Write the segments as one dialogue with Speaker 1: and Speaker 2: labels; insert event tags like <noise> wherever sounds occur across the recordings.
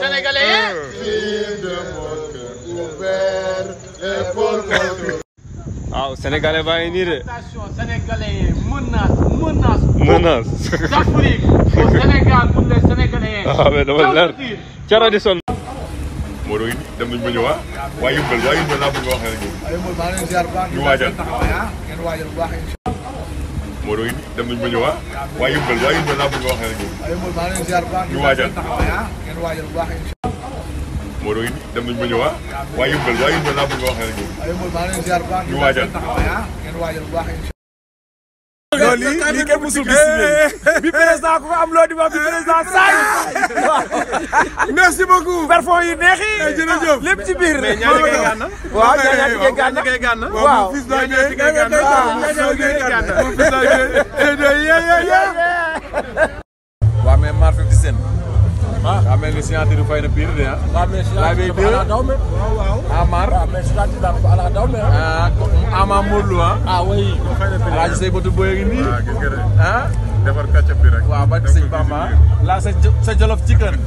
Speaker 1: Sénégalais waaw sénégalais baa ngi nii de. attention sénégalais menace menace. menace. d'Afrique au Sénégal pour les sénégalais. ah mais dama leer cara di sonn. Modou dem nañ ba ñëwaat waa Yëmbal waa Yëmbal laa bëgg a wax ak ñu waajal. moo doon indi dem nañ ba ñëwaat waaye yëngal waaye yëngal naa bëgg nga wax rek ñu. ñu waajal moo doon indi dem nañ ba ñëwaat waaye yëngal waaye yëngal naa bëgg nga wax rek ñu. ñu waajal.
Speaker 2: loolu lii lii kenn
Speaker 1: bi président ku fa am loo di wax bi président saa yi. <laughs> merci beaucoup. parfum yi neex yi. Eh, jërëjëf lépp ci biir. mais ñaari kay gànna. waaw ñaari kay gànna. waaw ñaari kay gànna. waaw ñaari kay gànna. ah daa mel ni signature fay na pire de ah. waaw mais signature dafa ala daw me. waaw waaw Amar. Ah. Ah, Lo ah. ngi nii. waaw ba sëñ Bamba laa sa sa jolof ci kër. <laughs>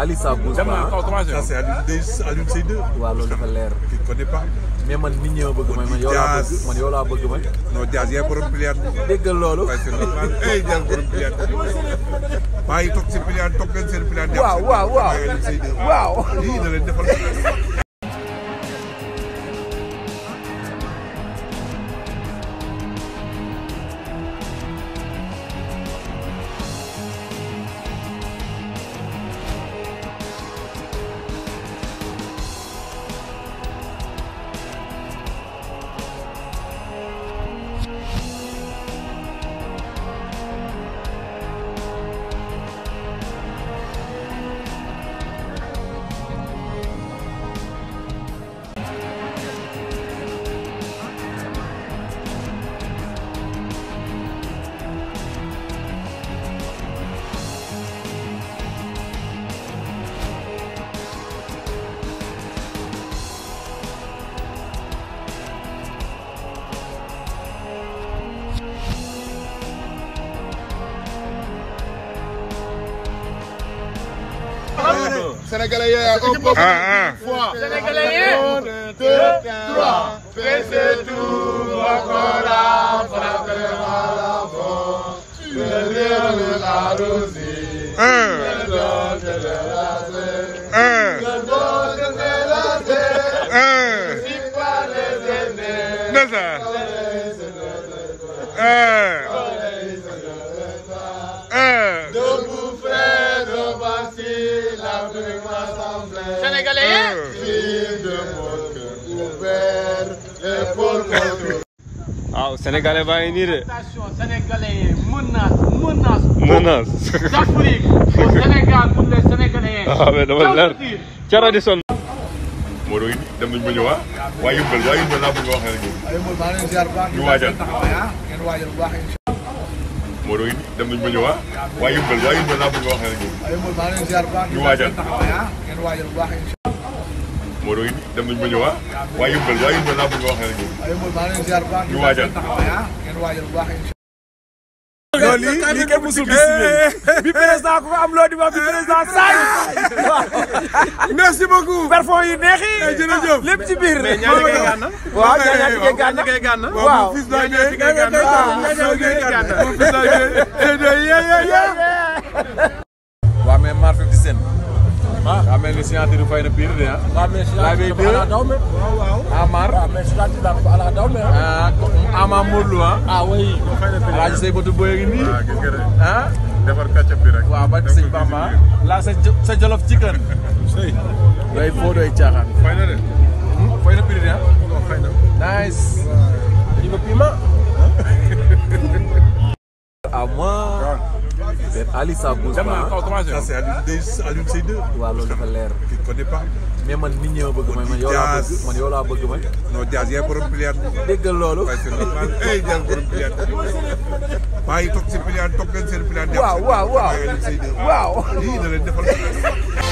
Speaker 1: Ali ça bouge pas ça c'est Alioune Seye 2 waaw loolu dafa leer ki connaît pas mais man nit ñi ma bëgg man man yow laa bëgg man yow laa bëgg man non Diaz yaay borom pilier déggal loolu ay Diaz borom pilier maa ngi toog si pilier toog leen seen pilier waaw waaw waaw waaw lii da leen defal Sénégalais yee ah, Sénégalais deux trois. Fais tout encore la à de Le de de Si pas les waaw sénégalais baa ngi nii de. attention sénégalais menace menace. menace. d'Afrique au Sénégal pour les sénégalais.
Speaker 2: waaw ah, mais dama leer
Speaker 1: cara di sonn. Modou yi dem nañ ba ñëwaat waaye yëngal waaye yëngal laa bëgg a wax rek ñu waajal. Ah, Modou yi dem nañ ba ñëwaat waaye yëngal waaye yëngal laa bëgg a wax rek ñu waajal. Ah, moo doon indi dem nañu ba ñëwaat waaye yëngal waaye yëngal naa bëgg a ah, bi président ku am loo di bi président saa yi. merci beaucoup. parfum yi neex yi. Eh, jërëjëf lépp ci biir. mais ñaari kay gànna. waaw ñaari kay gànna. waaw ñaari kay gànna. waaw daa mel ni signature fay na pire de ah. waaw mais signature Amar. waaw mais signature dafa ala daw me ah. Ama Modou Lo ah. ah oui. fay na pire ah say bëtu boy ngi nii. waaw gis nga de ah. defar kàcce bi rek. waaw barke sëñ Bamba jolof ci kër. sëy. doy foo doy caaxaan. fay na de. fay na nice. Jadi ñu ko pima. Ali ça bouge pas ça c'est Alioune Seye 2 waaw loolu dafa leer tu connais pas mais man nit ñi ma bëgg mooy man yow laa bëgg man yow laa bëgg mooy non Diaz yaa borom pilier déggal loolu ay eh, Diaz borom pilier bàyyi toog si pilier toog leen seen pilier waaw waaw waaw waaw lii da leen defal